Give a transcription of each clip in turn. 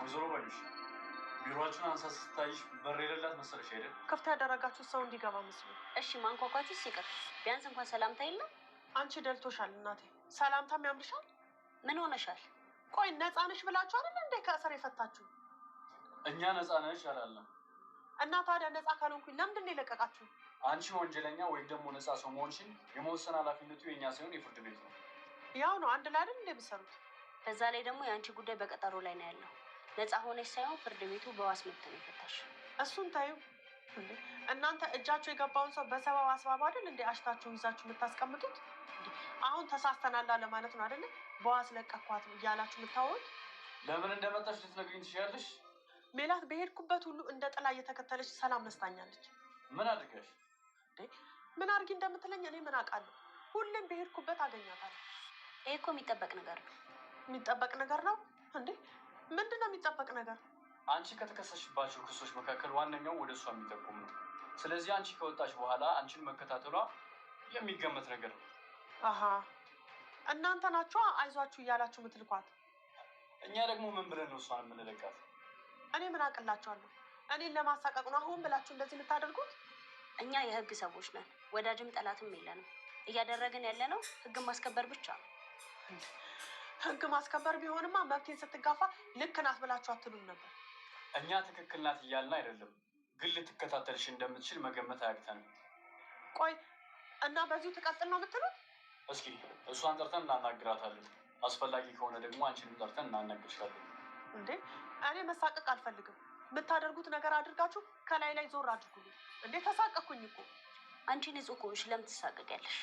ወይዘሮ ባዩሽ ቢሮችን አንሳ ስታይሽ በር የሌላት መሰለሽ አይደል? ክፍት ያደረጋችሁ ሰው እንዲገባ መስሉ። እሺ ማንኳኳችሁ ሲቀር ቢያንስ እንኳን ሰላምታ የለም። አንቺ ደልቶሻል እናቴ፣ ሰላምታም ያምርሻል ምን ሆነሻል? ቆይ ነፃ ነሽ ብላችሁ አይደል እንዴ ከእስር የፈታችሁ? እኛ ነፃ ነሽ አላለም እና ታዲያ ነፃ ካልሆንኩኝ ለምንድን ነው የለቀቃችሁ? አንቺ ወንጀለኛ ወይም ደግሞ ነፃ ሰው መሆንሽን የመወሰን ኃላፊነቱ የእኛ ሳይሆን የፍርድ ቤት ነው። ያው ነው አንድ ላይ አይደል እንደሚሰሩት በዛ ላይ ደግሞ የአንቺ ጉዳይ በቀጠሮ ላይ ነው ያለው። ነፃ ሆነች ሳይሆን ፍርድ ቤቱ በዋስ መብት ነው የፈታሽ። እሱን ታዩ እናንተ እጃችሁ የገባውን ሰው በሰበብ አስባብ አይደል እንዴ አሽታችሁን ይዛችሁ የምታስቀምጡት? አሁን ተሳስተናላ ለማለት ነው አይደለ? በዋስ ለቀኳት እያላችሁ የምታወት ለምን እንደመጣሽ ልትነግሪኝ ትችያለሽ? ሜላት በሄድኩበት ሁሉ እንደ ጥላ እየተከተለች ሰላም ነስታኛለች። ምን አድርገሽ ምን አድርጊ እንደምትለኝ እኔ ምን አውቃለሁ? ሁሌም በሄድኩበት አገኛታለሁ። ይሄ እኮ የሚጠበቅ ነገር ነው። የሚጠበቅ ነገር ነው እንዴ? ምንድን ነው የሚጠበቅ ነገር? አንቺ ከተከሰሽባቸው ክሶች መካከል ዋነኛው ወደ እሷ የሚጠቁም ነው። ስለዚህ አንቺ ከወጣች በኋላ አንቺን መከታተሏ የሚገመት ነገር ነው። አሀ እናንተ ናችሁ አይዟችሁ እያላችሁ ምትልኳት። እኛ ደግሞ ምን ብለን ነው እሷን የምንለቃት? እኔ ምን አቅላችኋለሁ? እኔን ለማሳቀቅ ነው አሁን ብላችሁ እንደዚህ የምታደርጉት? እኛ የህግ ሰዎች ነን። ወዳጅም ጠላትም የለንም። እያደረግን ያለነው ህግን ማስከበር ብቻ ነው። ህግ ማስከበር ቢሆንማ መብቴን ስትጋፋ ልክ ናት ብላችሁ አትሉም ነበር። እኛ ትክክል ናት እያልን አይደለም፣ ግን ልትከታተልሽ እንደምትችል መገመት አያቅተንም። ቆይ እና በዚሁ ትቀጥል ነው የምትሉት? እስኪ እሷን ጠርተን እናናግራታለን። አስፈላጊ ከሆነ ደግሞ አንቺንም ጠርተን እናናግርሻለን። እንዴ እኔ መሳቀቅ አልፈልግም። የምታደርጉት ነገር አድርጋችሁ ከላይ ላይ ዞር አድርጉልኝ። እንዴ ተሳቀኩኝ እኮ። አንቺ ንጹህ ከሆንሽ ለምን ትሳቀቂያለሽ?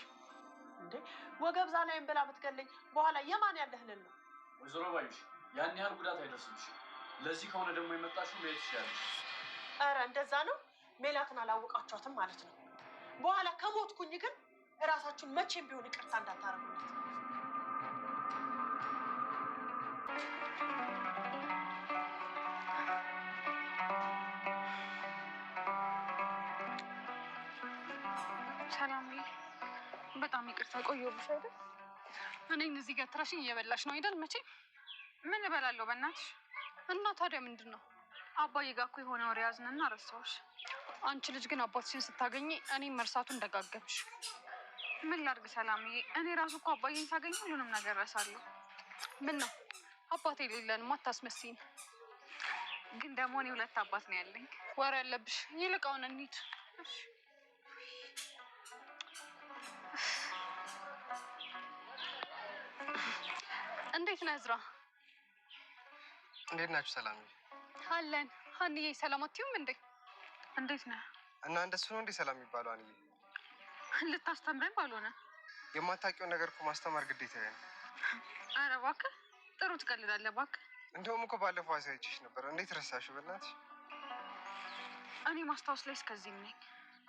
እንዴ ወገብ ዛላይም ብላ ብትገለኝ በኋላ የማን ያለህልን ነው? ወይዘሮ ባዩሽ ያን ያህል ጉዳት አይደርስምሽ። ለዚህ ከሆነ ደግሞ የመጣሽው መሄድ ትችላለሽ። ኧረ እንደዛ ነው። ሜላትን አላወቃቸዋትም ማለት ነው። በኋላ ከሞትኩኝ ግን እራሳችሁን መቼም ቢሆን ይቅርታ እንዳታረጉለት። ሰላም በጣም ይቅርታ ቆየሁልሽ አይደል? እኔ እነዚህ ገትረሽኝ እየበላሽ ነው አይደል? መቼ ምን እበላለሁ በእናትሽ። እና ታዲያ ምንድን ነው? አባዬ ጋ እኮ የሆነ ወሬ ያዝንና ረሳሁሽ። አንቺ ልጅ ግን አባትሽን ስታገኝ እኔም መርሳቱን ደጋገምሽ። ምን ላድርግ ሰላምዬ፣ እኔ ራሱ እኮ አባዬን ሳገኝ ሁሉንም ነገር ረሳለሁ። ምን ነው አባቴ የሌለንም አታስመስይኝ። ግን ደግሞ እኔ ሁለት አባት ነው ያለኝ። ወሬ ያለብሽ ይልቀውን እንሂድ። እንዴት ነህ እዝራ? እንዴት ናችሁ? ሰላም አለን። ሀንዬ ሰላም አትይውም እንዴ? እንዴት ነህ? እና እንደሱ ነው እንዴ ሰላም የሚባለው? አንዬ ልታስተምረን ባልሆነ የማታውቂውን ነገር እኮ ማስተማር ግዴታ ነው። አረ እባክህ ጥሩ ትቀልዳለህ እባክህ። እንደውም እኮ ባለፈው አሳይቼሽ ነበር። እንዴት ረሳሽ? በእናትሽ እኔ ማስታወስ ላይ እስከዚህ ነኝ።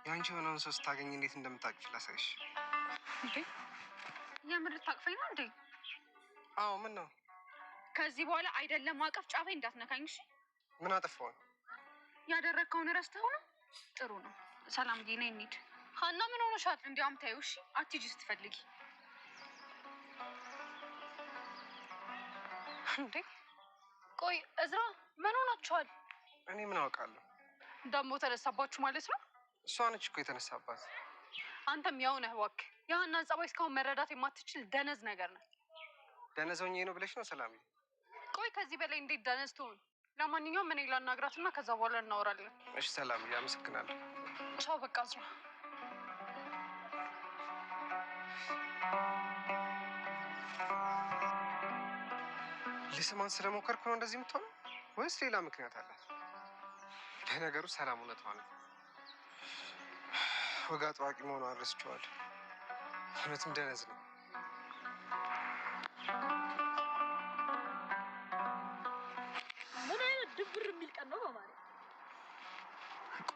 የአንቺ የሆነውን ሰው ስታገኝ እንዴት እንደምታቅፍ ላሳይሽ። እንዴ የምር ታቅፈኝ ነው እንዴ? አዎ ምን ነው? ከዚህ በኋላ አይደለም አቀፍ ጫፌ እንዳትነካኝ እሺ። ምን አጠፋው? ያደረግከውን ረስተው ነው። ጥሩ ነው። ሰላም ጌና እንሂድ። ሀና ምን ሆነሻል? እንዲያውም ታዩ። እሺ አትሂጂ ስትፈልጊ እንዴ። ቆይ እዝራ ምን ሆናችኋል? እኔ ምን አውቃለሁ። ደግሞ ተነሳባችሁ ማለት ነው? እሷ ነች እኮ የተነሳባት። አንተም ያው ነህ እባክህ። የሀናን ጸባይ እስካሁን መረዳት የማትችል ደነዝ ነገር ነው። ደነዘውኝ ነው ብለሽ ነው ሰላም? ቆይ ከዚህ በላይ እንዴት ደነዝቶ? ለማንኛውም እኔ ላናግራት ላናግራትና ከዛ በኋላ እናወራለን። እሺ ሰላም፣ አመሰግናለሁ። ቻው። በቃ ዝራ ልስማን ስለሞከርኩ ነው እንደዚህ የምትሆነ ወይስ ሌላ ምክንያት አላት? ለነገሩ ሰላም እውነት ማለት ነው ወግ አጥባቂ መሆኗን ረስቼዋለሁ። እውነትም ደነዝ ነው። ብር የሚል ቀን ነው በማለት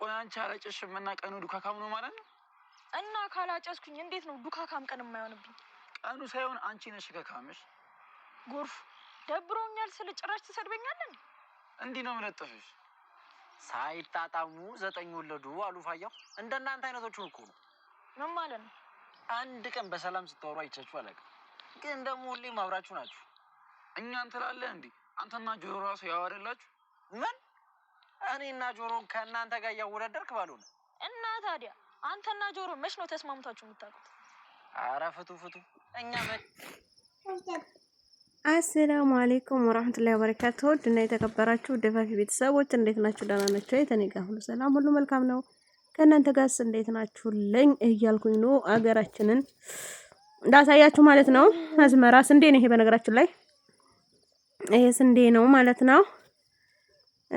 ቆይ፣ አንቺ አላጨስሽም እና ቀኑ ዱካካም ነው ማለት ነው። እና ካላጨስኩኝ እንዴት ነው ዱካካም ቀን የማይሆንብኝ? ቀኑ ሳይሆን አንቺ ነሽ ከካምሽ። ጎርፍ ደብሮኛል ስለ ጭራሽ ትሰድበኛለን። እንዲህ ነው የምለጠፍሽ። ሳይጣጣሙ ዘጠኝ ወለዱ አሉ ፋያው። እንደናንተ አይነቶቹ እኮ ነው። ምን ማለት ነው? አንድ ቀን በሰላም ስታወሩ አይቻችሁ አላውቅም፣ ግን ደግሞ ሁሌም አብራችሁ ናችሁ። እኛ እንትላለን እንዲህ አንተና ጆሮ ራሱ ያው አይደላችሁ ምን እኔና ጆሮ ከእናንተ ጋር እያወዳደርክ ባልሆነ እና ታዲያ አንተና ጆሮ መች ነው ተስማምታችሁ የምታውቁት? አረ ፍቱ ፍቱ። እኛ አሰላሙ አሌይኩም ወራህመቱላሂ ወበረካቱ። ድና የተከበራችሁ ደፋፊ ቤተሰቦች እንዴት ናችሁ? ደህና ናችሁ? የተኔ ሁሉ ሰላም፣ ሁሉ መልካም ነው። ከእናንተ ጋርስ እንዴት ናችሁልኝ? እያልኩኝ ነው አገራችንን እንዳሳያችሁ ማለት ነው። አዝመራ ስንዴ ነው ይሄ። በነገራችን ላይ ይሄ ስንዴ ነው ማለት ነው።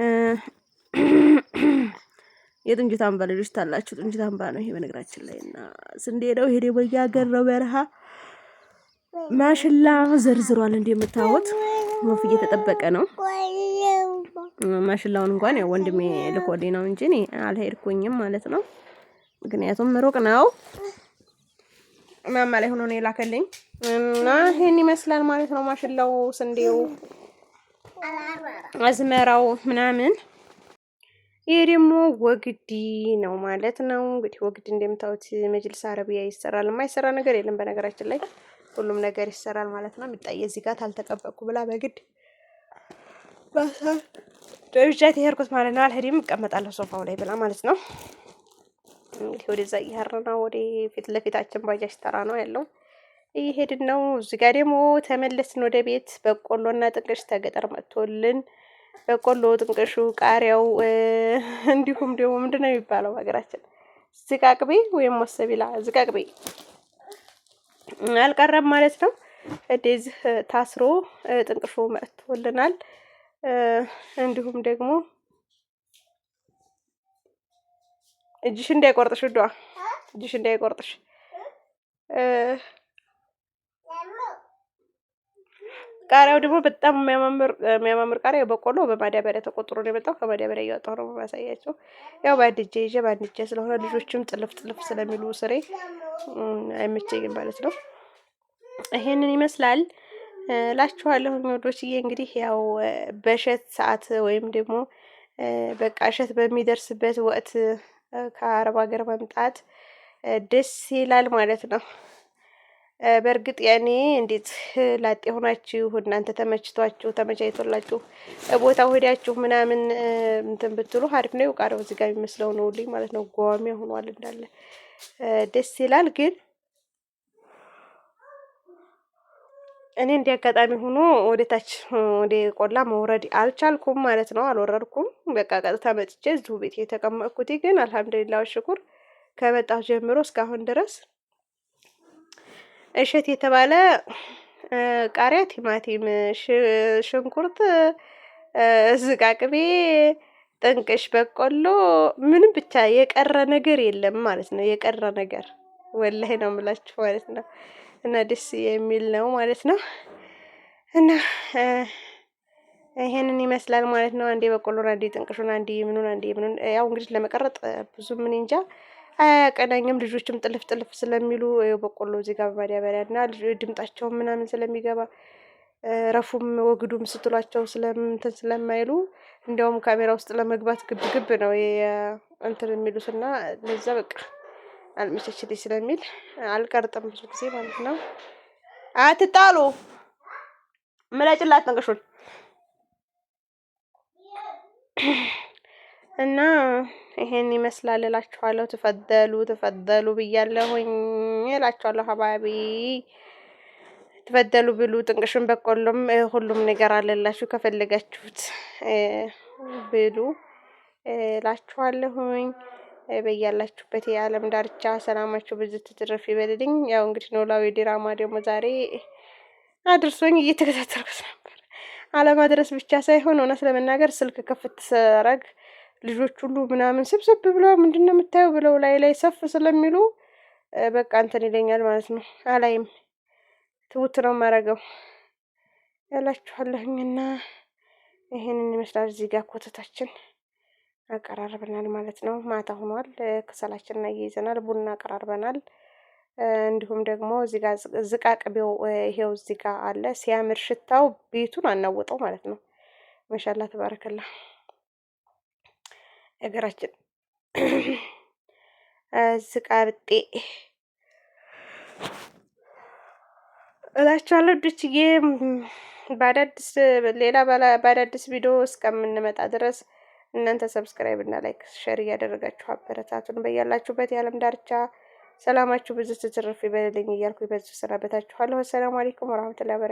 የጥንጅት አምባ ልጆች ታላችሁ። ጥንጅት አምባ ነው ይሄ በነገራችን ላይ እና ስንዴ ነው ይሄ ደግሞ እያገር ነው በረሃ ማሽላ ዘርዝሯል። እንደምታዩት ወፍ እየተጠበቀ ነው። ማሽላውን እንኳን ያው ወንድሜ ልኮሌ ነው እንጂ እኔ አልሄድኩኝም ማለት ነው። ምክንያቱም ሩቅ ነው። ማማ ላይ ሆኖ ነው የላከልኝ እና ይሄን ይመስላል ማለት ነው ማሽላው ስንዴው አዝመራው ምናምን። ይሄ ደግሞ ወግዲ ነው ማለት ነው። እንግዲህ ወግዲ እንደምታዩት መጅልስ አረቢያ ይሰራል። የማይሰራ ነገር የለም። በነገራችን ላይ ሁሉም ነገር ይሰራል ማለት ነው። የሚጣየ እዚህ ጋር ታልተቀበቅኩ ብላ በግድ ደብጃት የሄድኩት ማለት ነው። አልሄድም እቀመጣለሁ ሶፋው ላይ ብላ ማለት ነው። እንግዲህ ወደዛ እያረ ነው። ወደ ፊት ለፊታችን ባጃጅ ተራ ነው ያለው። እየሄድን ነው። እዚህ ጋር ደግሞ ተመለስን ወደ ቤት። በቆሎ እና ጥንቅሽ ተገጠር መጥቶልን በቆሎ ጥንቅሹ፣ ቃሪያው እንዲሁም ደግሞ ምንድን ነው የሚባለው ሀገራችን ዝቃቅቤ ወይም ወሰቢላ ዝቃቅቤ አልቀረም ማለት ነው። እንደዚህ ታስሮ ጥንቅሹ መጥቶልናል። እንዲሁም ደግሞ እጅሽ እንዳይቆርጥሽ፣ እዷ እጅሽ እንዳይቆርጥሽ ቃሪያው ደግሞ በጣም የሚያማምር ቃሪያ በቆሎ በማዳበሪያ ተቆጥሮ ነው የመጣው። ከማዳበሪያ እያወጣሁ ነው ማሳያቸው። ያው በአንድ እጄ ይዤ በአንድ እጄ ስለሆነ ልጆችም ጥልፍ ጥልፍ ስለሚሉ ስሬ አይመቸኝም ማለት ነው። ይሄንን ይመስላል ላችኋለሁ ወዶች ወዶችዬ። እንግዲህ ያው በእሸት ሰዓት ወይም ደግሞ በቃ እሸት በሚደርስበት ወቅት ከአረብ ሀገር መምጣት ደስ ይላል ማለት ነው። በእርግጥ ያኔ እንዴት ላጤ ሆናችሁ እናንተ ተመችቷችሁ ተመቻይቶላችሁ ቦታ ሄዳችሁ ምናምን እንትን ብትሉ አሪፍ ነው። ቃሪያው እዚህ ጋር የሚመስለው ነው ልኝ ማለት ነው። ጓሚያ ሆኗል እንዳለ ደስ ይላል። ግን እኔ እንዲህ አጋጣሚ ሆኖ ወደ ታች ወደ ቆላ መውረድ አልቻልኩም ማለት ነው። አልወረድኩም። በቃ ቀጥታ መጥቼ እዚሁ ቤት የተቀመጥኩት። ግን አልሐምዱሊላህ ሽኩር ከመጣሁ ጀምሮ እስካሁን ድረስ እሸት የተባለ ቃሪያ፣ ቲማቲም፣ ሽንኩርት፣ ዝቃ፣ ጥንቅሽ፣ በቆሎ ምንም ብቻ የቀረ ነገር የለም ማለት ነው። የቀረ ነገር ወላይ ነው የምላችሁ ማለት ነው። እና ደስ የሚል ነው ማለት ነው። እና ይሄንን ይመስላል ማለት ነው። አንዴ በቆሎን፣ አንዴ ጥንቅሹን፣ አንዴ ምኑን፣ አንዴ ምኑን ያው እንግዲህ ለመቀረጥ ብዙ ምን እንጃ አያቀናኝም። ልጆችም ጥልፍ ጥልፍ ስለሚሉ በቆሎ እዚህ ጋር በማዳበሪያ እና ድምጣቸውን ምናምን ስለሚገባ ረፉም ወግዱም ስትሏቸው ስለምንትን ስለማይሉ እንዲያውም ካሜራ ውስጥ ለመግባት ግብ ግብ ነው እንትን የሚሉት እና ለዛ በቃ አልመቸችልኝ ስለሚል አልቀርጥም ብዙ ጊዜ ማለት ነው። አትጣሉ ምላጭላት ነገሾች እና ይሄን ይመስላል እላችኋለሁ። ትፈደሉ ትፈደሉ ብያለሁኝ እላችኋለሁ። ሀባቢ ትፈደሉ ብሉ። ጥንቅሽን በቆሎም ሁሉም ነገር አለላችሁ ከፈለጋችሁት ብሉ እላችኋለሁኝ። በያላችሁበት የዓለም ዳርቻ ሰላማችሁ ብዙ ትትረፍ ይበልልኝ። ያው እንግዲህ ኖላዊ ዲራማ ደግሞ ዛሬ አድርሶኝ እየተከታተልኩት ነበር። አለማድረስ ብቻ ሳይሆን እውነት ለመናገር ስልክ ከፍት ሰረግ ልጆች ሁሉ ምናምን ስብስብ ብለው ምንድን ነው የምታየው ብለው ላይ ላይ ሰፍ ስለሚሉ በቃ እንትን ይለኛል ማለት ነው። አላይም ትውት ነው የማረገው ያላችኋለሁኝና ይህንን ይመስላል። እዚህ ጋር ኮተታችን አቀራርበናል ማለት ነው። ማታ ሆኗል። ክሰላችንን እናየይዘናል። ቡና አቀራርበናል። እንዲሁም ደግሞ እዚህ ጋ ዝቃቅቤው ይሄው እዚህ ጋ አለ። ሲያምር ሽታው ቤቱን አናወጠው ማለት ነው። ማሻላ ተባረከላ ሀገራችን ስቃብጤ እላችኋለሁ። ዱችዬ በአዳዲስ ሌላ በአዳዲስ ቪዲዮ እስከምንመጣ ድረስ እናንተ ሰብስክራይብ እና ላይክ ሸር እያደረጋችሁ አበረታቱን። በያላችሁበት የዓለም ዳርቻ ሰላማችሁ ብዙ ትትርፍ ይበልልኝ እያልኩ በዚሁ ሰናበታችኋለሁ። አሰላሙ አለይኩም ወረህመቱላሂ